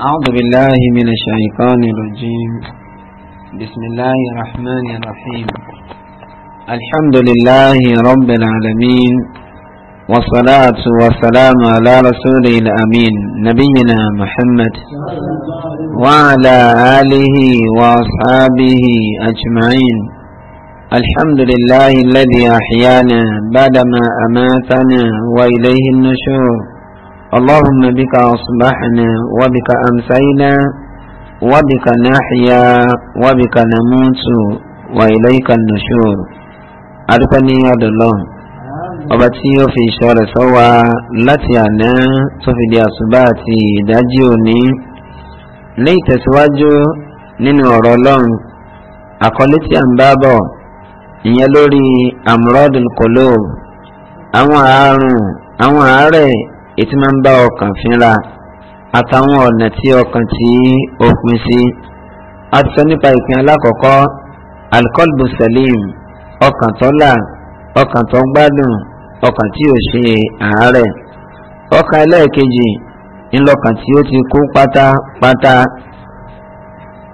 أعوذ بالله من الشيطان الرجيم بسم الله الرحمن الرحيم الحمد لله رب العالمين والصلاة والسلام على رسوله الأمين نبينا محمد وعلى آله وأصحابه أجمعين الحمد لله الذي أحيانا بعدما أماتنا وإليه النشور اللهم بك أصبحنا وبك أمسينا وبك نحيا وبك نموت وإليك النشور أرقني يا الله ọba tí ó fi ìṣọ́ rẹ̀ sọ wa láti àná tó fi di àṣùbà àti ìdájí òní ní ìtẹ̀síwájú nínú ọ̀rọ̀ ọlọ́run àkọlé tí à ń bá bọ̀ ìyẹn lórí amradul qulub àwọn àárùn àwọn àárẹ̀ ètí máa ń bá ọkàn fínra àtàwọn ọ̀nà tí ọkàn tí ó pín sí. a ti sọ nípa ìpín alákọ̀ọ́kọ́ alkolbu salim ọkàn tó là ọkàn tó gbádùn ọkàn tí ò ṣe àárẹ̀ ọkàn ẹlẹ́ẹ̀kejì ńlọkàn tí ó ti kú pátápátá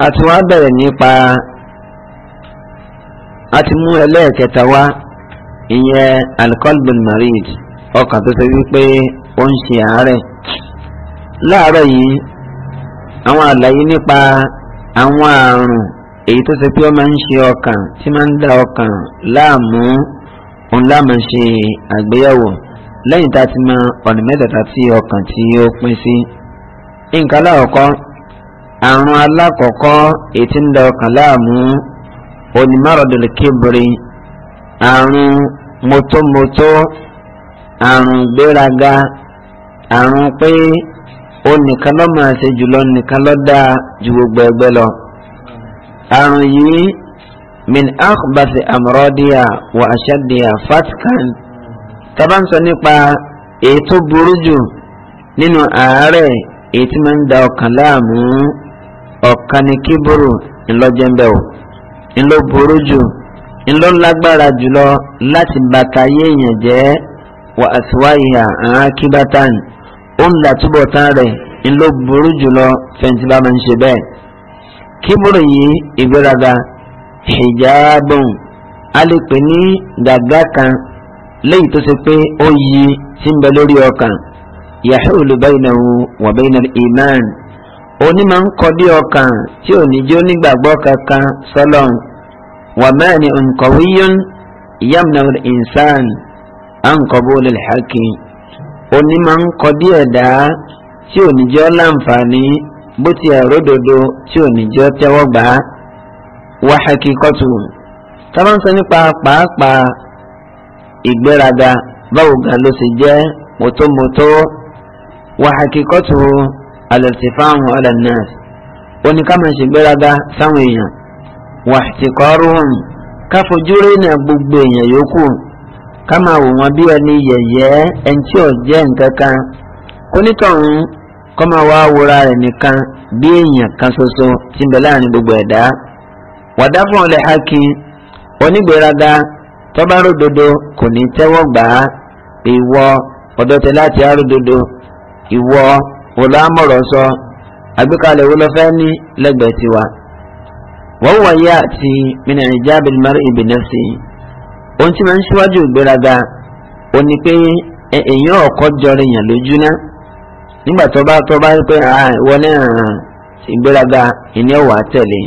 a ti wá bẹ̀rẹ̀ nípa a ti mú ẹlẹ́ẹ̀kẹta wá ìyẹn alkolbu marid ọkàn tó ṣe wípé ó ń ṣe àárẹ̀ láàárọ̀ yìí àwọn àlàyé nípa àwọn àrùn èyí tó ṣe pé ọ máa ń ṣe ọkàn tí máa ń da ọkàn láàmú òun láàmú ṣe àgbéyẹ̀wò lẹ́yìn tá a ti mọ ọ̀nà mẹ́tẹ̀ẹ̀ta tí ọkàn tí ó pín sí. nǹkan lákọ̀ọ́kọ́ àrùn alákọ̀ọ́kọ́ èyí tí ń da ọkàn láàmú onímọ̀rọ̀dọ̀lù kébìrì àrùn mọ́tọ́mọ́tọ́, àrùn gbéraga àrùn pé ó nìkan ló máa ṣe jùlọ nìkan ló dáa ju gbogbo ẹgbẹ́ lọ. àrùn yìí min akhbasi amrodiya wa ashadiya fatkan taba ń sọ nípa èyí tó burú jù nínú àárẹ̀ èyí tí máa ń da ọkàn láàmú ọ̀kan ní kíburu ńlọ́jẹ́ńbẹ́ o ńlọ burú jù ńlọ lágbára jùlọ láti bàtà yéèyàn jẹ́ wa àsíwáyà àákíbátàn ó ń là túbọ̀ tán rẹ̀ ń ló burú jùlọ fẹ̀ǹtì bá máa ń ṣe bẹ́ẹ̀ kíbùrù yìí ìgbéraga hijabun a lè pè ní gàgá kan léyìí tó ṣe pé ó yí sí ń bẹ lórí ọkàn yahulu bainahu wa bainal iman òní máa ń kọdí ọkàn tí ò ní jẹ́ onígbàgbọ́ kankan sọlọ́n wà mẹ́rin nǹkan wíyọ́n yamna al insan à ń kọ́ bó lè hàkì. Oni máa ń kọ díẹ̀ dá tí òní jẹ́ láǹfààní bó ti àródòdó tí òní jẹ́ tẹ́wọ́ gbà á wá hakikọ́tù tábà ń sọ nípa pàápàá ìgbéraga báwo gan ló ṣe jẹ́ mọ́tòmọ́tò wá hakikọ́tù alẹ́sìfáhùn ọ̀lànàs òní ká máa ṣègbéraga sáwọn èèyàn wà tìkọ́rùn-ún káfojú rẹ̀ gbogbo èèyàn yòókù ká máa wò wọ́n bí ẹni yẹ̀yẹ́ ẹni tí ò jẹ́ nǹkan kan onítọ̀hún kọ́ máa wá wúra rẹ̀ nìkan bí èèyàn kan ṣoṣo ti ń bẹ láàrin gbogbo ẹ̀dá wàdá fún ọlẹ́ hakin onígbéraga tọ́ba ródodo kò ní tẹ́wọ́ gbà á pé ìwọ ọ̀dọ́tẹ láti aródodo ìwọ ọ̀làmọ̀rọ̀ sọ àgbékalẹ̀ wo lọ ní lẹ́gbẹ̀ẹ́ tiwa wọ́n wọ̀nyí àti mìnìrìn jábìlì mari ohun tí ma ń ṣíwájú ìgbéraga o ní pé èèyàn ọkọ jọrọ èèyàn lójú ná nígbà tó bá tó bá pé wọlé ìgbéraga ìní ọwà tẹ̀lé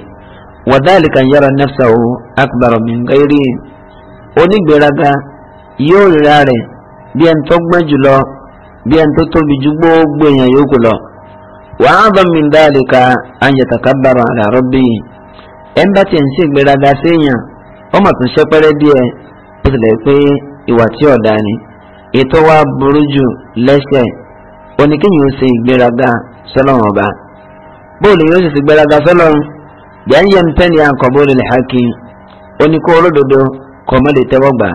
wàdáàlì kan yára o akbar min gairi onígbéraga yóò rírà rẹ̀ bí ẹni tó gbọ́n jùlọ bí ẹni tó tóbi ju gbogbo èèyàn yòókù lọ wàá ń bá tiẹ̀ ń ṣẹpẹrẹ bó tilẹ̀ pé ìwà tí ọ̀dà ni ètò wa burú jù lẹ́sẹ̀ oníkéyìn ó ṣe ìgbéraga sọlọ́run ọba bóòlù yóò sì ṣe ìgbéraga sọlọ́run bí ayé ń tẹ́ ní àkọ́bóòlù lè hákì oníkó olódodo kọ́ mọ́ lè tẹ́wọ́ gbà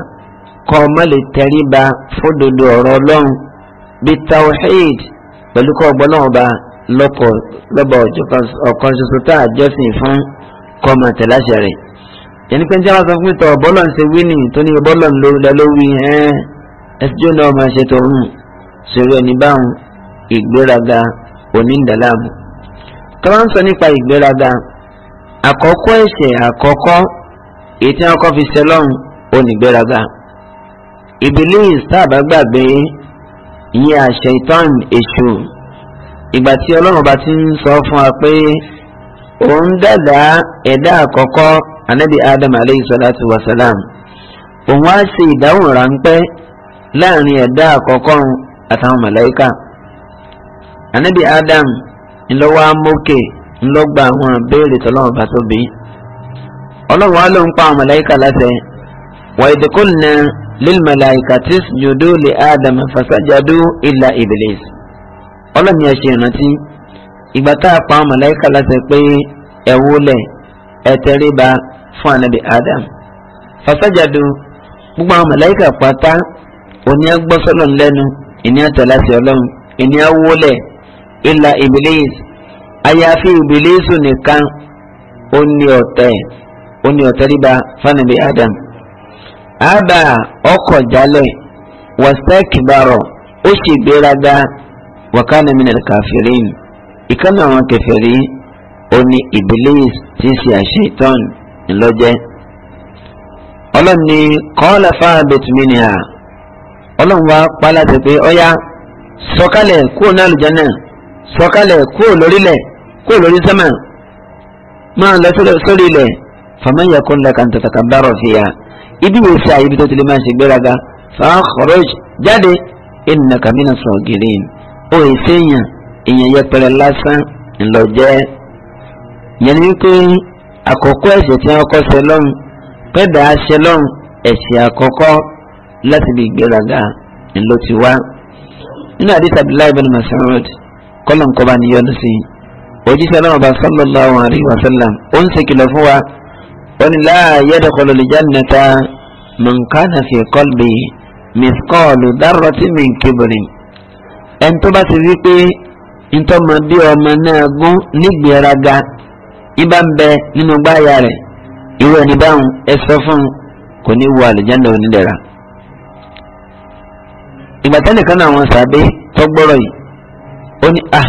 kọ́ mọ́ lè tẹ́rí ba fódodo ọ̀rọ̀ ọlọ́run bí tawhid pẹ̀lú kọ́ ọgbọ́n náà ọba lọ́kọ̀ lọ́bọ̀ ọ̀kan ṣoṣo tá àjọsìn fún kọ́ mọ́ tẹ̀láṣẹ̀ rẹ̀ yẹn ni pé njẹ́ wá sọ fún mi tọ̀ bọ́lọ̀ ń ṣe wí nì tó ní bọ́lọ̀ ń lọ wí ẹ́n ẹsíjú náà máa ṣe tó ń sọ̀rọ̀ ẹni báwọn ìgbéraga onídàlámù. tọ́wọ́n ń sọ nípa ìgbéraga àkọ́kọ́ ẹ̀ṣẹ̀ àkọ́kọ́ èyí tí wọ́n kọ́ fi ṣe lọ́hùn onígbéraga. Ìbílísì tàbá gbàgbé ìyẹn àṣẹ ìtàn èṣù ìgbà tí Ọlọ́run bá ti ń sọ fún wa pé òun dàda ẹ̀dá àkọ́kọ́ anabi adam aleyhi salatu wa salam òun á ṣe ìdáhùn ráńpẹ́ láàrin ẹ̀dá àkọ́kọ́ àtàwọn màláíkà anabi adam ńlọ́wọ́ amókè ńlọ́gba àwọn béèrè tọ́lọ́wọ́ bá tóbi ọlọ́run á ló ń pa àwọn màláíkà láṣẹ wa idh qulna lil malaikati isjudu li adam fasajadu illa iblis ọlọ́ni ẹ ṣe ìrántí ìgbà tá a pa àwọn màláíkà láṣẹ pé ẹ wólẹ̀ fún anabi adam fasajadu gbogbo àwọn màláíkà pátá òní agbọ́sọ́lọ̀ lẹ́nu ìní àtàlásì ọlọ́run ìní awólẹ̀ ìlà ibilis àyàfi ìbílísù nìkan òní ọ̀tẹ̀ òní ọ̀tẹ̀ ríba fanabi adam àbá ọkọ̀ jálẹ̀ wàsẹ́kìbarọ̀ ó sì gbéraga wàkánà mìíràn kàfìrín ìkànnì àwọn kẹfẹ́rí òní ibilis tí ń ṣe àṣetán ńlọ́jẹ́ ọlọ́run ni kọ́ńlá fáábẹ̀tì mi nìyà ọlọ́run wa pa láti pé ọ̀yá sọ̀kalẹ̀ kúrò ní àlùjánnà sọ̀kalẹ̀ kúrò lórílẹ̀ kúrò lórí sẹ́mà máa lọ sórí ilẹ̀ fàmáyà kó ńlá kan tàtàkà bárò fìyà ibi yìí sí àyíbi tó ti lè máa ṣe gbéraga fàákọ̀rọ̀j jáde ìnà kàmínà sọ̀gìrín ó èsì èèyàn èèyàn yẹpẹrẹ lásán ńlọ yẹn ni wípé àkọ́kọ́ ẹ̀ṣẹ̀ tí wọ́n kọ́ ṣe lọ́hùn pẹ́ẹ́dà ṣe lọ́hùn ẹ̀ṣẹ̀ àkọ́kọ́ láti bí ìgbéraga ńlọ ti wá. nínú àdìsí Abdullahi bin Mas'ud kọ́lọ̀n kọ́ba ni yọ́nu sí i òjíṣẹ́ náà bá sallallahu alaihi wa sallam ó ń ṣèkìlọ̀ fún wa ó ní la yadkhulul jannata man kana fi qalbi mithqalu darratin min kibrin ẹni tó bá ti rí pé ntọ́mọdé ọmọ náà gún nígbéraga ibà ń bẹ nínú gbáàyà rẹ̀ irú ẹni báwọn ẹ sọ fún kò ní wọ àlùjáde onídẹ̀ra. ìgbà tẹ́lẹ̀ kan náà wọn sàbẹ̀ tọ́gbọ́rọ̀ yìí ó ní à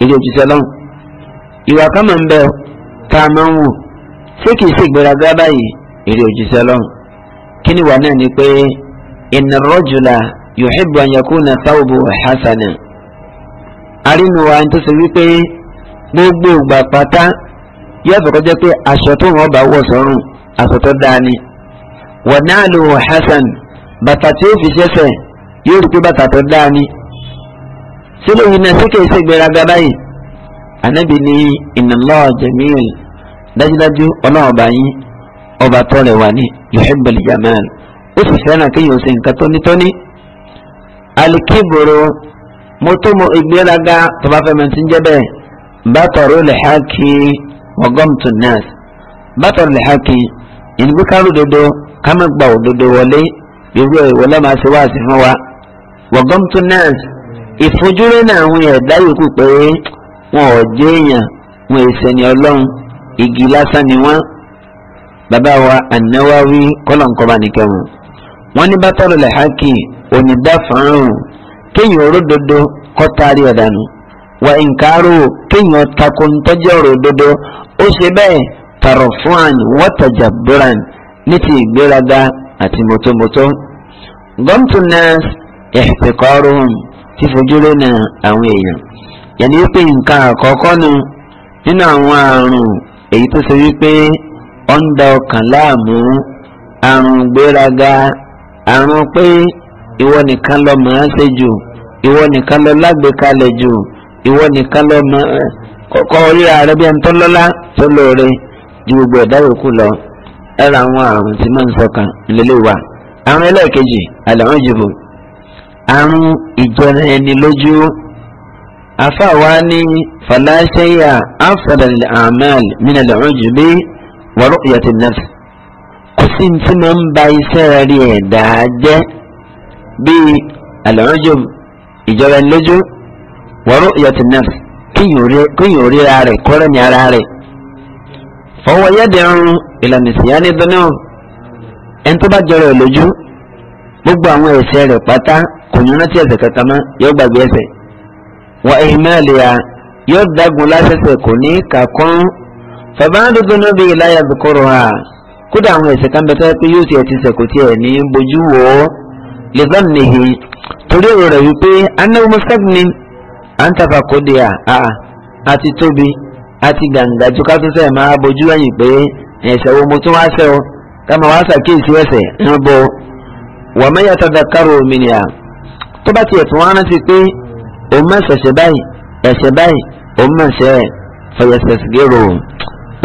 èrè òjijì ọlọ́run ìwà kan máa ń bẹ tá a máa ń wò ṣé kìí ṣe ìgbéraga báyìí èrè òjijì ọlọ́run kí ni wà náà ni pé inna rajula yuhibbu an yakuna thawbu hasana. arínú wa ń tó ṣe wípé gbogbo ìgbà pátá yóò fẹ́ kọjá pé aṣọ tó wọn bá wọ̀ sọ́rùn aṣọ tó dáa ni wọ́n náà lò wọ́n hasan bàtà tí ó fi ṣẹ́sẹ̀ yóò rí pé bàtà tó dáa ni sílẹ̀ yìí náà sí kìí ṣe gbéraga báyìí ànábì ní ìnàlọ́ jẹ̀míìl dájúdájú ọlọ́run ọba ọba tó rẹwà ní yuhibbul jamal ó sì fẹ́ràn kéèyàn ṣe nǹkan tónítóní alikiboro mọ́tò ìgbéraga tó bá fẹ́ mẹ́tí ń jẹ́ bẹ́ẹ̀ bá tọ̀rọ̀ lè hákìí wagomtu nas bàtàrà lè hàkì ìnibí kárò dodo kámẹ gbà òdodo wọlé irú ẹ wọlé máa ṣe wáàsí fún wa wagomtu nas ìfojúrí náà àwọn ẹ̀dá yòókù pé wọn ò jẹ́ èèyàn wọn èsè ni ọlọ́run igi lásán ni wọ́n bàbá wa ànáwáwí kọ́lọ̀ǹkọ́ba nìkẹ́wọ̀n wọ́n ní bàtàrà lè hàkì onídàfàrún kéèyàn òródodo kọ́taari ọ̀dànù wà ìǹkaaro kéèyàn takò ntọ́jọ́ òródodo ó ṣe bẹ́ẹ̀ tarofuan watajaburan ní ti ìgbéraga àti mọ́tòmọ́tò gọ́mtúnẹ́s ẹ̀ẹ́dẹ́kọ́rùn ti fojú na àwọn èèyàn yẹni wípé nǹkan àkọ́kọ́ nu nínú àwọn àrùn èyí tó ṣe wípé ó ń láàmú àrùn gbéraga àrùn pé ìwọ nìkan ló máa ń ṣe jù ìwọ kọ́kọ́ ríra rẹ bí ẹni tó lọ́lá tó lóore ju gbogbo ẹ̀dá yòókù lọ ẹ̀rọ àwọn àrùn tí máa ń sọkàn lélẹ̀ wà àrùn ẹlẹ́ẹ̀kejì àlàrùn ìjìbò àrùn ìjọra ẹni lójú afáwa ní fàlàṣẹyà àfọdàlẹ àmàl mìíràn làrùn ìjìbí wọ́rọ̀ ìyàtì náà kò sí tí máa ń ba iṣẹ́ rí ẹ̀dá jẹ́ bíi àlàrùn ìjọba ẹni lójú wọ́rọ̀ ìyàtì náà kéèyàn ò ríra rẹ̀ kọ́rẹ́ ní ara rẹ̀ fọwọ́ yẹ́dẹ̀rún ìlànà ìsìnyá ní dáná ẹni tó bá jọrọ ẹ̀ lójú gbogbo àwọn ẹ̀ṣẹ̀ rẹ̀ pátá kò ní rántí ẹ̀ṣẹ̀ kankan mọ́ yóò gbàgbé ẹ̀ṣẹ̀ wà ihmalia yóò dágun láṣẹ̀ṣẹ̀ kò ní kàkún fàbáńdó dúnú bíi láyà bìkúrò ha kódà àwọn ẹ̀ṣẹ̀ kan bẹ́tẹ́ pé yóò ti ẹ̀ ti sẹ̀kò tiẹ̀ ní bojú wò lè bá nìyí torí èrò rẹ̀ wípé anáwó mọ́sáàgì ni à ń tàfà kóde à àà àti tóbi àti gàǹgà tó ká tó sẹ̀ máa bójú ẹ̀yìn pé ẹ̀ṣẹ̀ wo mo tún wá ṣẹ̀ o ká máa wá ṣàkíyèsí ẹ̀ṣẹ̀ ń bo wà mẹ́yà tàdà kárò òmìnira tó bá tiẹ̀ tún wá rántí pé òun mọ̀ ṣẹ̀ṣẹ̀ báyìí ẹ̀ṣẹ̀ báyìí òun mọ̀ ṣẹ̀ fọyẹ̀ṣẹ̀ṣẹ̀gẹ̀rò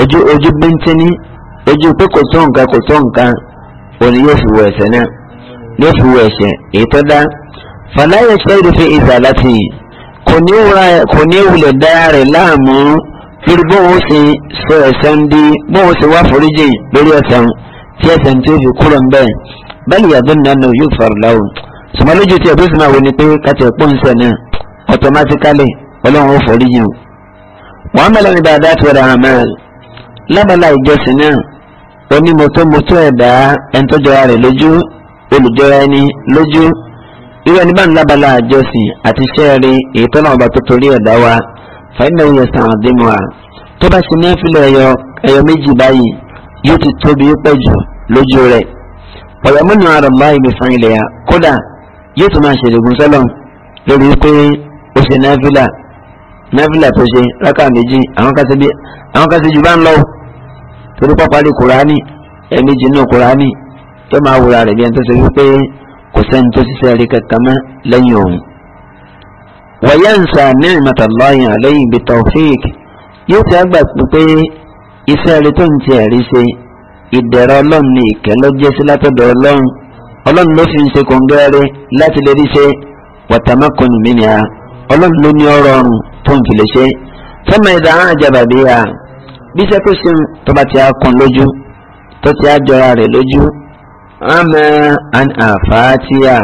ojú ojú bíntínní ojú pé kò tó nǹkan kò tó nǹkan òní yóò fi wọ ẹ̀ṣẹ̀ náà yóò fi wọ ẹ̀ṣẹ̀ èyí dá fàlàyé ṣẹ́yìn fi ìzà láti yìí kò ní wulẹ̀ dára rẹ̀ láàmú lórí bóun sì sọ ẹ̀sán di bóun sì wá foríjì lórí ẹ̀sán tí ẹ̀sán tí ó fi kúrò ń bẹ́ẹ̀ bẹ́ẹ̀ yàtọ̀ nínú yóò fara láwù sùmọ́ lójú tí ẹ̀bí sùnmọ́ àwọn ni kàtẹ́ pọ̀ náà automatically ọlọ́run ó foríjì o. wọ́n mẹ́lẹ̀ ní dáadáa ti rà hàmẹ́ lábàlá ìjọsìn náà onímọ̀tòmọ̀tò ẹ̀dá ẹ̀ńtọ́jọ́ra rẹ̀ lójú irú ẹni bá ń lábala àjọsìn àti sẹ́ẹ̀rí èyí tó náà bá tó torí ẹ̀dá wa fàínà yẹn sàn àdémù à tó bá ṣe nẹ́fìlẹ̀ ẹ̀yọ ẹ̀yọ méjì báyìí yóò ti tóbi pẹ̀ jù lójú rẹ̀ pọ̀yàmúnú àrọ̀mbá ibi fún ilẹ̀ yà kódà yóò tún máa ṣèlégún sọ́lọ̀ lórí pé ó ṣe nẹ́fìlà nẹ́fìlà tó ṣe rákà méjì àwọn kan jù bá ń lọ torí pápá kò sẹ́ni tó ṣiṣẹ́ rí kankan mọ́ lẹ́yìn òun. wàyẹ̀nsà ni'mata Allahi alayhi bi tawfiq yóò ti àgbà pé iṣẹ́ rí tó ń ti ẹ̀rí ṣe ìdẹ̀rọ ọlọ́run ní ìkẹ́ ló jẹ́ sí látọ̀dọ̀ ọlọ́run ọlọ́run ló fi ń ṣe kọ̀ǹgẹ́rẹ́ láti lè rí ṣe wàtàmákùnrin mi ni a ọlọ́run ló ní ọ̀rọ̀ ọ̀run tó ń fi lè ṣe sọ́mọ ẹ̀dá àjàbà bí a bí sẹ́kù sí tó bá ti á kún lójú tó ti á jọra rẹ̀ lójú ama an afatiya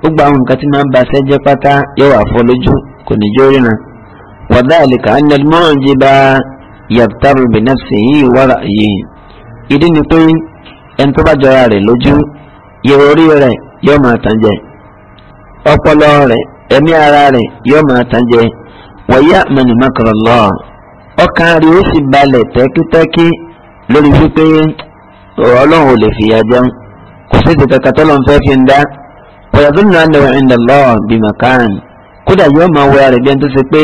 gbogbo àwọn nǹkan tí máa ń ba sẹ́jẹ́ pátá yóò wà fọ́ lójú kò ní jó ríran wadhalika anna al-mu'jiba yabtaru bi nafsihi wa ra'yihi ìdí ni pé ẹni tó bá jọra rẹ̀ lójú yóò orí rẹ̀ yóò máa tàn jẹ ọpọlọ rẹ̀ ẹ̀mí ara rẹ̀ yóò máa tàn jẹ wa ya'manu makra Allah ọkàn rẹ̀ ó sì balẹ̀ tẹ́kítẹ́kí lórí wípé ọlọ́run ò lè fìyà jẹun kò sí ìdíkà kàtọ́lọ̀ ń fẹ́ fi ń dá pẹ̀lú náà lọ́wọ́ ẹ̀ ń lọ́ bí màkàn kódà yóò máa wẹ àrẹ̀ bí ẹni tó ṣe pé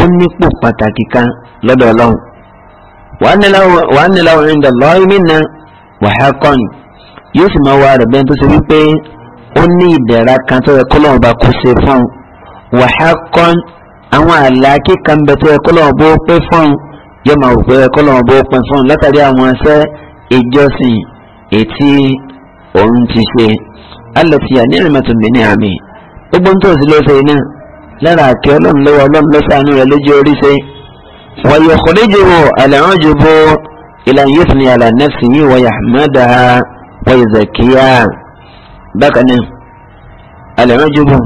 ó nípò pàtàkì kan lọ́dọ̀ ọlọ́run wàá nílá òun ń dọ̀lọ́ ìmínà wàhálà kọ́ni yóò sì máa wẹ àrẹ̀ bí ẹni tó ṣe wípé ó kan tó yẹ kó lọ́wọ́ bá kó ṣe fún àwọn àlàáké kan bẹ tó yẹ kó lọ́wọ́ bó pé fún un yóò máa wò pé kó àwọn ẹsẹ̀ ìjọsìn ètí òun ti ṣe alọ́tìyà ní ìrìnàmọ̀tún mi ní àmì gbogbo ń tòsí ló ṣe náà lára àkẹ́ ọlọ́run lọ́wọ́ ọlọ́run lọ́sàánú rẹ̀ lójú orí ṣe. wàyí ọ̀kọ́lẹ́jọ wo àlàrán ju bo ìlànà yóò fún yàrá nẹ́ẹ̀sì yìí wọ́yà mẹ́ta wọ́yì zakiya. bákan náà àlàrán ju bo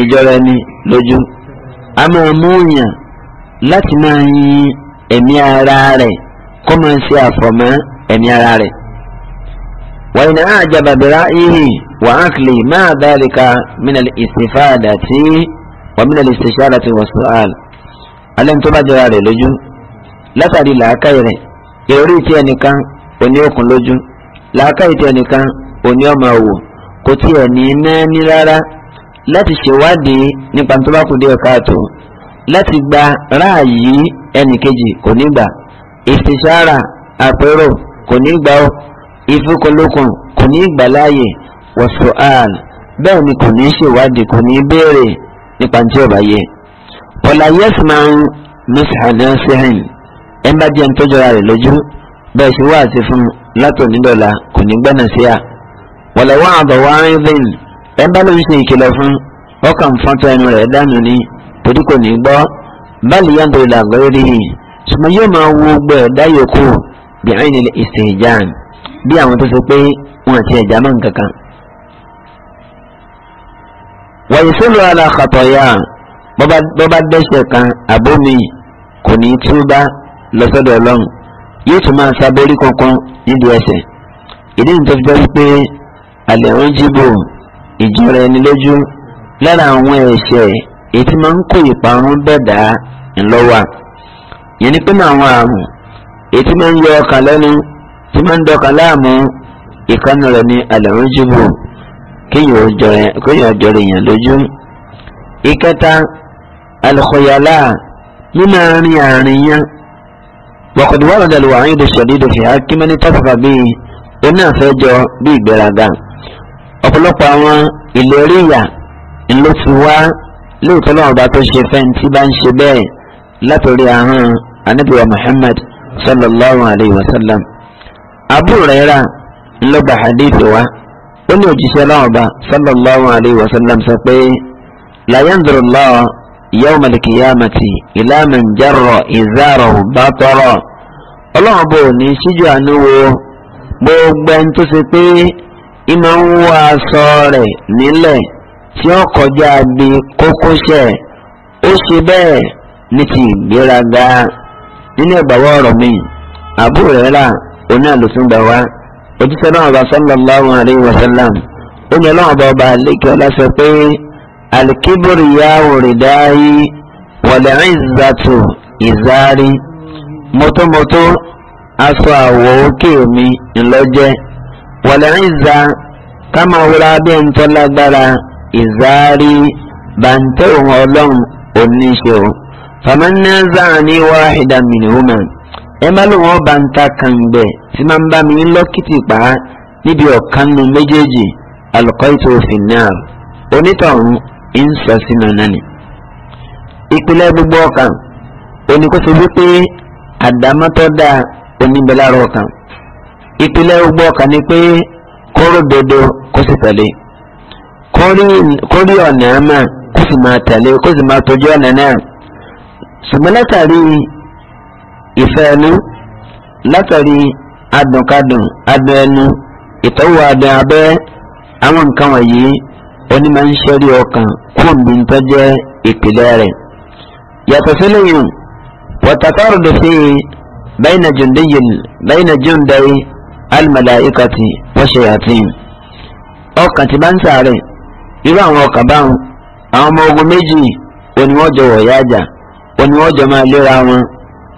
ìjọra ẹni lójú a máa láti máa yin ẹ̀mí ara rẹ̀ kó máa ṣe àfọ̀mọ́ ẹ̀mí ara rẹ̀. وإن أعجب برأيه وعقلي مع ذلك من الاستفادة ومن الاستشارة والسؤال ألم تبجر لجو لا تري لا كير يوري تيانيكا ونيوك لجو لا كير تيانيكا ونيوم أو كتيا نيماني لارا láti ṣèwádìí nípa tó bá kù díẹ̀ káàtó láti gba ráàyè ẹnìkejì kò ìfikùnlukùn kò ní ìgbàláyè wọ̀sùn-án bẹ́ẹ̀ ni kò ní ṣèwádìí kò ní béèrè nípa tí ọba yẹ. pọ̀lá yẹ́sì máa ń mísàánà sẹ́hìn ẹ̀ ń bá jẹ́ ntọ́jọ́ra rẹ̀ lójú bẹ́ẹ̀ ṣe wá àti fún látò nídọ̀la kò ní gbẹ́nà sí à. wọ̀lẹ̀ wọ́n àbọ̀ wá ń rìn ẹ̀ ń ṣe ìkìlọ̀ fún ọkàn fọ́tọ̀ ẹnu rẹ̀ dànù ni torí kò ní gbọ́ báàlì yàtọ̀ ìlàgbọ́ rí i ṣùgbọ́n yóò máa wo gbẹ̀ dáyòkù bí àìní ìsìn bí àwọn tó sọ pé wọn àti ẹ̀já máa ń kankan. wàyí sólù aláxàtọ̀ yá bọ́bá dẹ́ṣẹ̀ kan àbómi kò ní túbá lọ́sọ̀dọ̀ ọlọ́run yóò tún máa sábẹ́rí kankan nídìí ẹsẹ̀ ìdí nìtò fi jẹ́ pé àlẹ́ ń jíbò ìjọra ẹni lójú lára àwọn ẹ̀ṣẹ̀ èyí máa ń kó ìparun bẹ̀dá ńlọ́wà yẹn ni pé àwọn àrùn èyí máa ń yọ ọkàn lẹ́nu tí máa ń dọ́ka láàmú ìkànnì rẹ̀ ní alẹ́rìndínlù kéèyàn ọjọ́ rẹ̀ yàn lójú. ìkẹta alùkọ̀yàlá nínú àárín àárín yẹn wọ́kọ̀dù wà lọ́dọ̀ lùwà àyìnbó ṣẹ̀dídò fi hákímẹ́ni tọ́fà bíi onáfẹ́jọ bíi ìgbéraga ọ̀pọ̀lọpọ̀ àwọn ìlérí ìyà ńlọ ti wá lóòótọ́ lọ́wọ́ bá tó ṣe fẹ́ǹtì bá ń ṣe bẹ́ẹ̀ látòrí ahọ́n anábìwá Muhammad sallallahu alayhi wa sallam. Abu Huraira ńlọgba hadithi wa ó ní òjíṣẹ́ lọ́wọ́ba sallallahu alayhi wa sallam sọ pé la yanzuru Allah yawma al-qiyamati ila man jarra izarahu batara ọlọ́run bò ní síjú àánú wo gbogbo ẹni tó ṣe pé iná ń wọ aṣọ rẹ̀ nílẹ̀ tí ó kọjá bí kókósẹ̀ ó ṣe bẹ́ẹ̀ ní ti ìgbéraga nínú ọ̀rọ̀ mi Abu oní àlùsùn gbà wá òjíṣẹ́ náà ọba sallallahu alayhi wa sallam ó ní ọlọ́run ọba ọba àlékè ọlá sọ pé alikibiri ya òrìdáyé wọ̀lẹ̀ ìzàtò ìzárí mọ́tòmọ́tò aṣọ àwọ̀ òkè mi ńlọ́jẹ́ wọ̀lẹ̀ ìzà káma wúra bẹ́ẹ̀ ń tọ́lágbára ìzárí bàǹtẹ̀ òun ọlọ́run oníṣẹ́ o famanna zaani wahida ẹ má lò wọ́n bá ń ta kàǹgbẹ̀ tí máa ń bá mi ń lọ́kìtì pa á níbi ọ̀kan nu méjèèjì alùkọ́ìtò òfin náà onítọ̀hún ń sọ sínú náà ni. ìpìlẹ̀ gbogbo ọkàn oníkóso wípé àdámọ́tọ́ dáa oníbẹ̀lára ọkàn ìpìlẹ̀ gbogbo ọkàn ni pé kóró dodo kó sì tẹ̀lé kórí ọ̀nà àmà kó sì máa tẹ̀lé kó sì máa tọ́jú ọ̀nà náà ṣùgbọ́n látàrí ìfẹ́ ẹnu látàrí adùnkadùn abẹ́ ẹnu ìtọ́wò abẹ́ abẹ́ àwọn nǹkan wọ̀nyí oní máa ń ṣẹ́rí ọkàn kúròǹbì ń tọ́jẹ́ ìpìlẹ̀ rẹ̀ yàtọ̀ sílẹ̀ wọ́tàkọ́rọ̀ lè fi bẹ́ẹ̀nà jùndéyìn bẹ́ẹ̀nà jùndéyìn almalaikati wọ́ṣẹ̀yàtìn ọkàn ti bá ń sàárẹ̀ irú àwọn ọkàn báwọn àwọn ọmọ ogun méjì oníwọ́jọ wọ̀yájà oníwọ́jọ máa wọn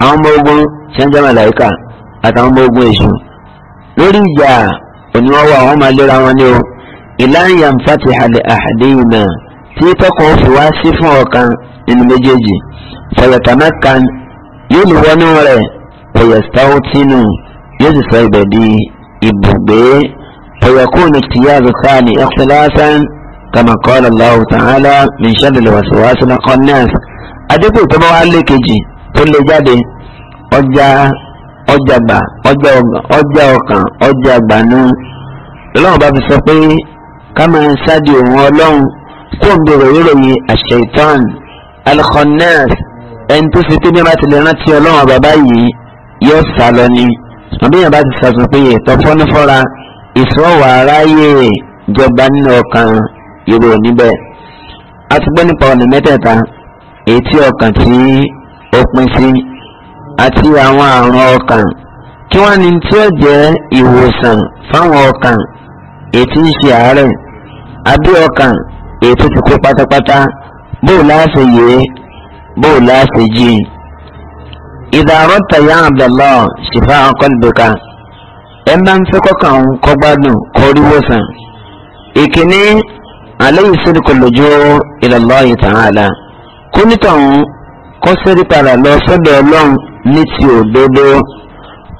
àwọn ọmọ ogun ṣẹ́ńjẹ́ màláìkà àtàwọn ọmọ ogun èṣù lórí ìjà òní wọn wà wọn máa léra wọn ní o ìlànà fati hali àhàdéyìn náà tí tọkàn fi wá sí fún ọ̀kan nínú méjèèjì fọyọtàmẹ kan yóò lù wọnú rẹ̀ fọyọtàwọ tínú yóò sì sọ ibẹ̀ di ibùgbé fọyọkùnù tìyàzù káàní ẹkùnlásán kàmàkọọlọ lọwọ tàn án lá mìíṣẹlẹ lọwọsowọsọ lọkọ adébòtọ́ bá wà lẹ́kẹ̀jì tó lè jáde ọjà ọjàgbà ọjà ọjà ọkàn ọjà àgbànú lọ́wọ́n bá fi sọ pé ká máa ṣáàdì òun ọlọ́run kó ń bèrè ìròyìn àṣetán alkhonas ẹni tó ṣe pé bí wọ́n ti lè rántí ọlọ́run bàbá yìí yóò sá lọ ni àbí yẹn bá ti sàtún pé ètò fọ́nífọ́ra ìṣòwò aráyè jọba nínú ọkàn yorùbá níbẹ̀. a gbọ́ nípa ọ̀nà mẹ́tẹ̀ẹ̀ta èyí tí ọkàn tí ó pín sí àti àwọn àrùn ọkàn kí wọ́n ní tí ó jẹ́ ìwòsàn fáwọn ọkàn ètí ń ṣe àárẹ̀ àbí ọkàn ètò ti kú pátápátá bóò láṣẹ yé bóò láṣẹ jí. ìdààrọ́ tàyà àbdàlọ́ ṣìfà ọkọ̀lùbẹ̀ka ẹ máa ń fẹ́ kọ́kàn ń kọ́gbádùn kórí wòsàn. ìkíní alayhi sidqul lujuu ila Allah ta'ala kó nítọ̀hún kó sẹ́rí padà lọ sọ́dọ̀ ọlọ́run ní ti òdodo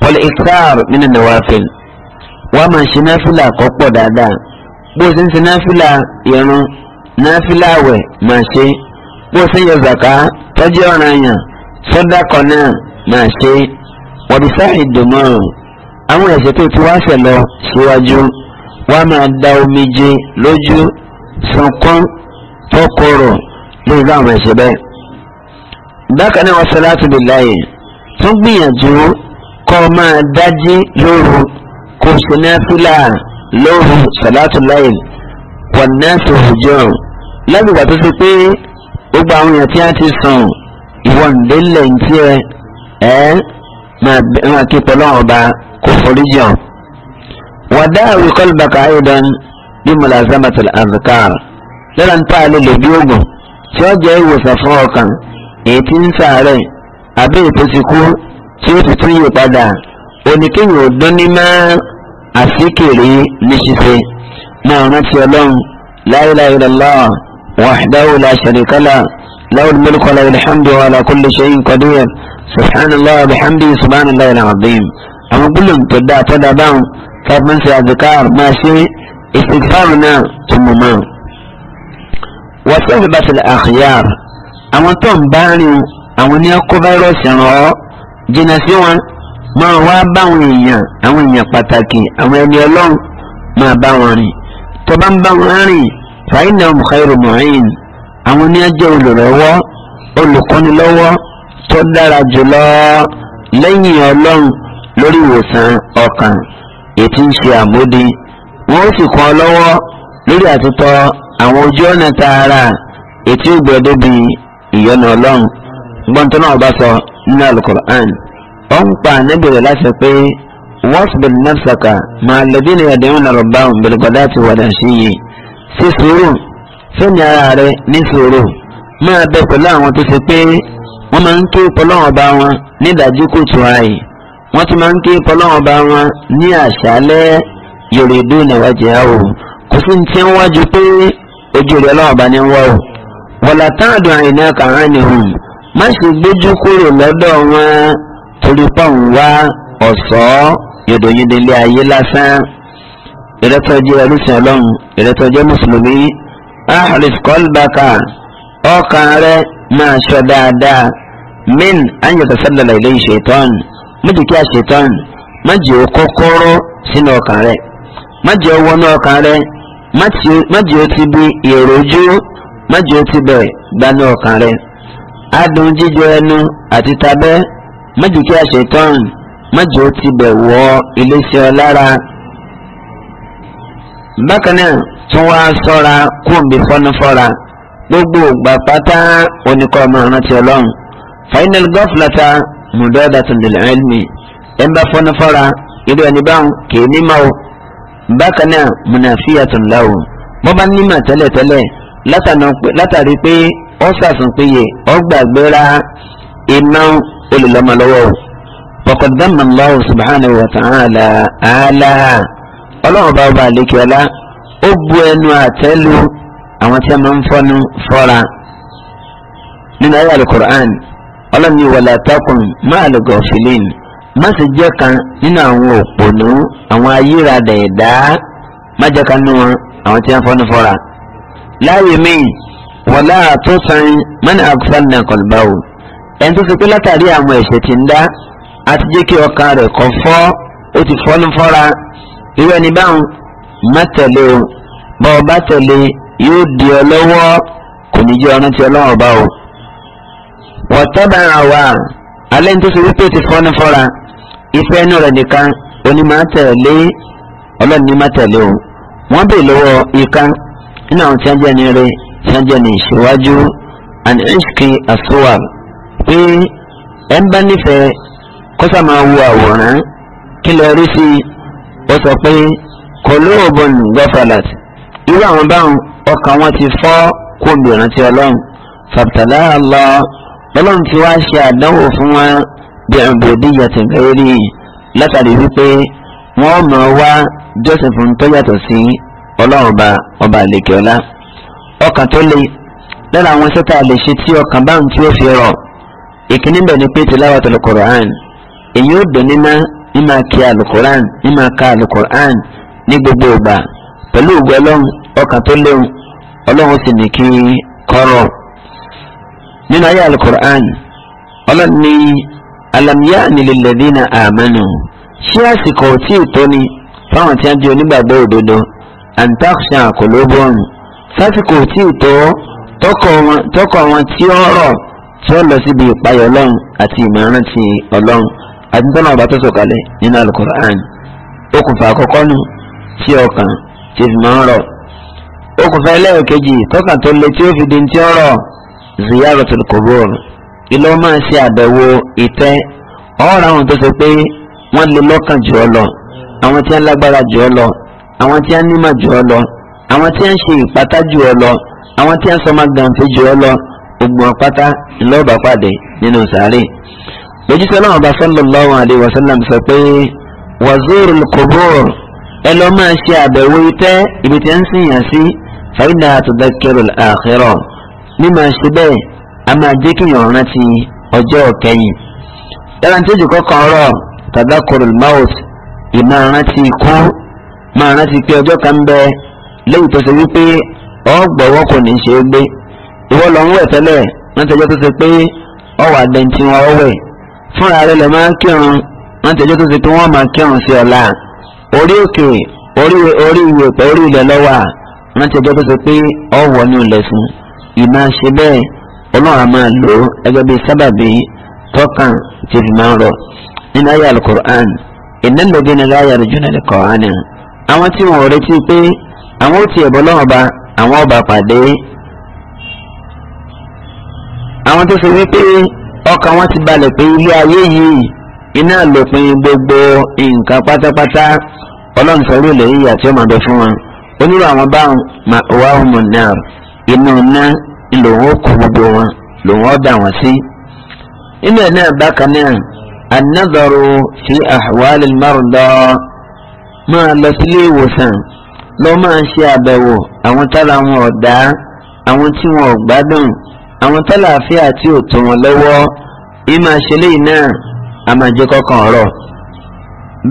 polycarp nínú nawafil wàá máa ṣe náfìlà kó pọ̀ dáadáa bó o ṣe ń ṣe náfìlà irun náfìlà àwẹ̀ máa ṣe bó o ṣe ń yọ zàká tọ́jú ọ̀ràn yàn sọ́dà kan náà máa ṣe wọ́dìsá ìdùnnú àwọn ẹ̀ṣẹ̀ tó ti wá ṣẹ̀ lọ síwájú wàá máa da omijé lójú sunkún tó korò lórí àwọn ẹ̀ṣẹ̀ bẹ́ẹ̀ bákan náà wọ́n salatu billahi tún gbìyànjú kọ́ máa dájí lóru kò sí náfìlà lóru salatu layl wọ́n náà tó hùjọ́ lágbègbè tó ti pé gbogbo àwọn èèyàn tí a ti sùn ìwọ̀n délẹ̀ ń tiẹ̀ ẹ́ máa kí pẹ̀lú àwọn ọba kò forí jọ. wàdà àwìkọ́lù bàkà ayọ̀dán bí mọ̀lásàmàtàlá àzùkàr lọ́la ń tà lè lò bí oògùn tí ó jẹ́ ìwòsàn fún ọkàn èyí tí ń sàárẹ̀ àbí èyí tó ti kú tí ó ti tún yè padà oníkéyìn ọdún ní má àsìkèrè ní ṣiṣẹ́ máa rántí ọlọ́run la ilaha illallah wahdahu la sharika lah lahul mulku wa lahul hamdu wa ala kulli shay'in qadir subhanallah wa bihamdihi subhanallah al-azim àwọn gbólóhùn tó dáa tó dáa báwọn fẹ́ẹ́ ṣe máa ṣe istighfar náà tó mọ̀ mọ́. wọ́n sọ́ọ́ fi àwọn tó ń bá rìn àwọn ní ọkọ fáírọ́ọ̀sì ràn ọ́ jìnnà sí wọn máa wá bá àwọn èèyàn àwọn èèyàn pàtàkì àwọn ẹni ọlọ́run máa bá wọn rìn tó bá ń bá wọn rìn fàyínà mùkàírù mùhìn àwọn ní ọjọ́ olùrànlọ́wọ́ olùkọ́nilọ́wọ́ tó dára jùlọ lẹ́yìn ọlọ́run lórí ìwòsàn ọkàn ètí ń ṣe àmódi wọn ó sì kọ́ ọ lọ́wọ́ lórí àtúntọ́ àwọn ojú ọ̀nà tààrà ètí ìgbẹ́dẹ́bí ìyọnu ọlọ́run gbọ́n tó náà bá sọ nínú alukur'an ó ń pa ànábìrì láti pé wasbir nafsaka ma'a alladhina yad'una rabbahum bilghadati wal ashiyyi sí sùúrù fẹ́ni ara rẹ ní sùúrù máa bẹ pẹ̀lú àwọn tó ṣe pé wọ́n máa ń ké pọlọ́wọ́n bá wọn ní ìdájú kùtù ààyè wọ́n tún máa ń ké pọlọ́wọ́n bá wọn ní àṣálẹ́ yorùdú níwájú ẹ̀ o kò sí ní tí wájú pé ojú rẹ̀ bá ní wọ́ wọ̀là táàdù àìní kàrán nìhùn má sì gbójú kúrò lọ́dọ̀ wọn torí pọ́ùn wá ọ̀sọ́ yòdòyìndínlé ayé lásán ìrẹ́tọ́jú ẹlúsìn ọlọ́run ìrẹ́tọ́jú mùsùlùmí ahlif kọ́lbàkà ọkàn rẹ máa ṣọ dáadáa min anyatasallala ilayhi shaitan méjì kí a shaitan má jẹ́ o kọ́kọ́rọ́ sínú ọkàn rẹ má jẹ́ o wọnú ọkàn rẹ má jẹ́ o ti bi èròjú májò ti bẹ̀ gbanú ọkàn rẹ̀ adùn jíjọ ẹnu àti tabẹ́ májò kí àṣetán májò ti bẹ̀ wọ iléeṣẹ́ ọlára bákan náà tún wá sọ́ra kúùnbí fọ́nufọ́ra gbogbo ògbà pátá oníkọ́ ọmọ ọlọ́run final gọ́fúlàtà mùdọ́dàtún lil ilmi ẹ̀ ń bá fọ́nufọ́ra irú ẹni báwọn kì í ní ma o bákan náà múnàfíà tó ń láwò bá ní mà tẹ́lẹ̀tẹ́lẹ̀ látàrí pé ọ sàsùn péye ọ gbàgbéra iná olùlọ́mọ lọ́wọ́ o pọkàndánmà lọ́wọ́ subhanahu wa ta'ala àlàá ọlọ́run bá ọba àlékè ó bu ẹnu àwọn tí a máa ń fọnu fọra nínú ayé alukur'an ọlọ́run ní wàlá takùn máa lè má àwọn òpònú àwọn má àwọn tí láàyè míì wọ̀lá àtúnṣan mọ́nà àkúfàdínà kọ̀lbáwò ẹni tó ti pé látàrí àwọn ẹ̀ṣẹ̀ tí ń dá àti jẹ́ kí ọkàn rẹ̀ kọ́ fọ́ ó ti fọ́nú fọ́ra irú ẹni báwọn má tẹ̀lé o bá ọ bá tẹ̀lé yóò di ọ lọ́wọ́ kò ní jẹ́ ọ̀nà tí ọlọ́wọ́ bá o. wọ́tọ́ba àwa alẹ́ ní tó ṣe wípé ti fọ́nú fọ́ra ìfẹ́ inú rẹ̀ nìkan oní má tẹ̀lé ọlọ́ọ̀ni má tẹ̀lé o wọ́n bè lọ́wọ́ ìkan nínú àwọn tí wọ́n jẹ́ ní rẹ̀ tí wọ́n jẹ́ ní ìṣèwájú and ishki asuwar pé ẹ̀ ń bá nífẹ̀ẹ́ kọ́sà máa wo àwòrán kí lọ rí sí i ó sọ pé kòlóòbùn gọ́fàlàt irú àwọn báwọn ọkàn wọn ti fọ́ kóńdò rántí ọlọ́run fàbtàlá lọ ọlọ́run ti wá ṣe àdánwò fún wọn bí ẹ̀ǹbòdì yàtọ̀ gẹ́rí látàrí wípé wọ́n mọ̀ wá jọ́sìn fún tó yàtọ̀ sí ọlọ́run ọba ọba àlekè ọlá ọkàn tó le lára àwọn sẹ́tà lè ṣe tí ọkàn bá ń tí ó fi rọ̀ ìkíní bẹ̀ ni pé tilawatul Qur'an èyí ó dùn níná ní máa kí alukoran ní máa ka alukoran ní gbogbo ìgbà pẹ̀lú ògbó ọlọ́run ọkàn tó léwu ọlọ́run sì ní kí kọ́rọ̀ nínú ayé alukoran ọlọ́run ní alamiya nílẹ̀lẹ́dínà àmánu ṣé àsìkò tí ì tó ni fáwọn tí a di onígbàgbọ́ òdodo antaxia kòlóbọ̀nù sásìkò tí ì tó tọkọ wọn tí ó rọ̀ tí ó lọ síbi ìpayọ̀ ọlọ́run àti ìmọ̀ràn ti ọlọ́run àti tọ́nà ọba tó sọ̀kalẹ̀ nínú alukur'an okùnfà àkọ́kọ́ nù tí ọkàn ti fi máa ń rọ̀ okùnfà ẹlẹ́ẹ̀kejì tọkàn tó le tí ó fi di ti ọ̀rọ̀ ziyaratul qubur ilé ọmọ ṣe àbẹ̀wò ìtẹ́ ọ̀rọ̀ àwọn tó ṣe pé wọ́n lè lọ́kàn jù ọ lọ àwọn tí wọ́n lágbára jù ọ lọ àwọn tí a nímọ̀ jù ọ lọ àwọn tí a ń ṣe ìpátá jù ọ lọ àwọn tí a ń sọmọ gàǹfẹ́ jù ọ lọ gbogbo ọ̀pátá ńlọ́ọ̀bà pàdé nínú sàárè. lójúṣe náà ọba sallallahu alaihi wasallam sọ pé wazurul qubur ẹ lọ máa ṣe àbẹ̀wò itẹ́ ibi tí a ń sìn yàn sí fàyínà tudhakkirul akhirah ní máa ṣe bẹ́ẹ̀ a máa jẹ́ kí yàn rántí ọjọ́ kẹyìn. yàrá ní tí ó jù kọ́kọ́ ọ̀rọ̀ tadhakkurul maut ìmọ̀ rántí máa rántí pé ọjọ́ kan bẹ léyìí tó ṣe wípé ọgbọ̀wọ́ kò ní ṣe é gbé ìwọ lọ ń wẹ̀ tẹ́lẹ̀ rántẹ́jọ́ tó ṣe pé ọwọ́ àdẹ̀ntì wọn ọ wẹ̀ fúnra rẹ lè máa kírun rántẹ́jọ́ tó ṣe pé wọ́n máa kírun sí ọ̀la orí òkè orí orí ìwé pẹ̀ orí ilẹ̀ lọ́wọ́ rántẹ́jọ́ tó ṣe pé ọwọ́ ní ilẹ̀ fún ìmọ̀ ṣe bẹ́ẹ̀ ọlọ́run máa lò ẹgbẹ́ bíi àwọn tí wọn ò retí pé àwọn ó ti ẹ̀bọ lọ́wọ́n ba àwọn ọba pàdé àwọn tó ṣe wípé ọkàn wọn ti balẹ̀ pé ilé ayé yìí iná lòpin gbogbo nǹkan pátápátá ọlọ́run sọ̀rọ̀ ilẹ̀ yìí àti ọmọ abẹ fún wọn onírò àwọn bá wà ọmọ náà inú iná lòun ó kó gbogbo wọn lòun ó wọn sí. inú ẹ̀ náà bákan náà an-nadharu fi ahwalil marda máa lọ sílé ìwòsàn lọ máa ṣe àbẹ̀wò àwọn tára wọn ò dá àwọn tí wọn ò gbádùn àwọn tálàáfíà tí ò tó wọn lọ́wọ́ yìí máa ṣe léyìí náà a máa jẹ́ kọ́kàn ọ̀rọ̀.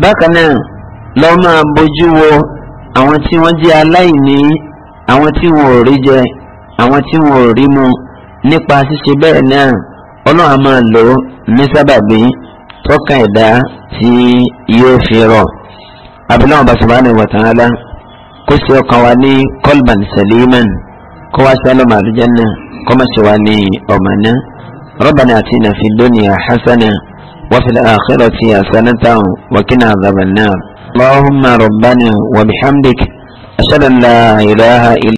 bákan náà lọ máa bójú wo àwọn tí wọ́n jẹ́ aláìní àwọn tí wọn ò rí jẹ àwọn tí wọn ò rí mu nípa ṣíṣe bẹ́ẹ̀ náà ọlọ́run a máa lò ní sábàbí tọ́ka ẹ̀dá tí yóò fi rọ̀. abilọ́n ọba subhanahu wa ta'ala kó sì ọkàn wa ní kọlban saliman kó wá sí alọ́mọ àlùjánnà kó má sì wá ní ọmọ náà rabbana atina fid dunya hasana wa fil akhirati hasanatan wa qina adhaban nar allahumma rabbana wa bihamdik ashhadu an la ilaha illa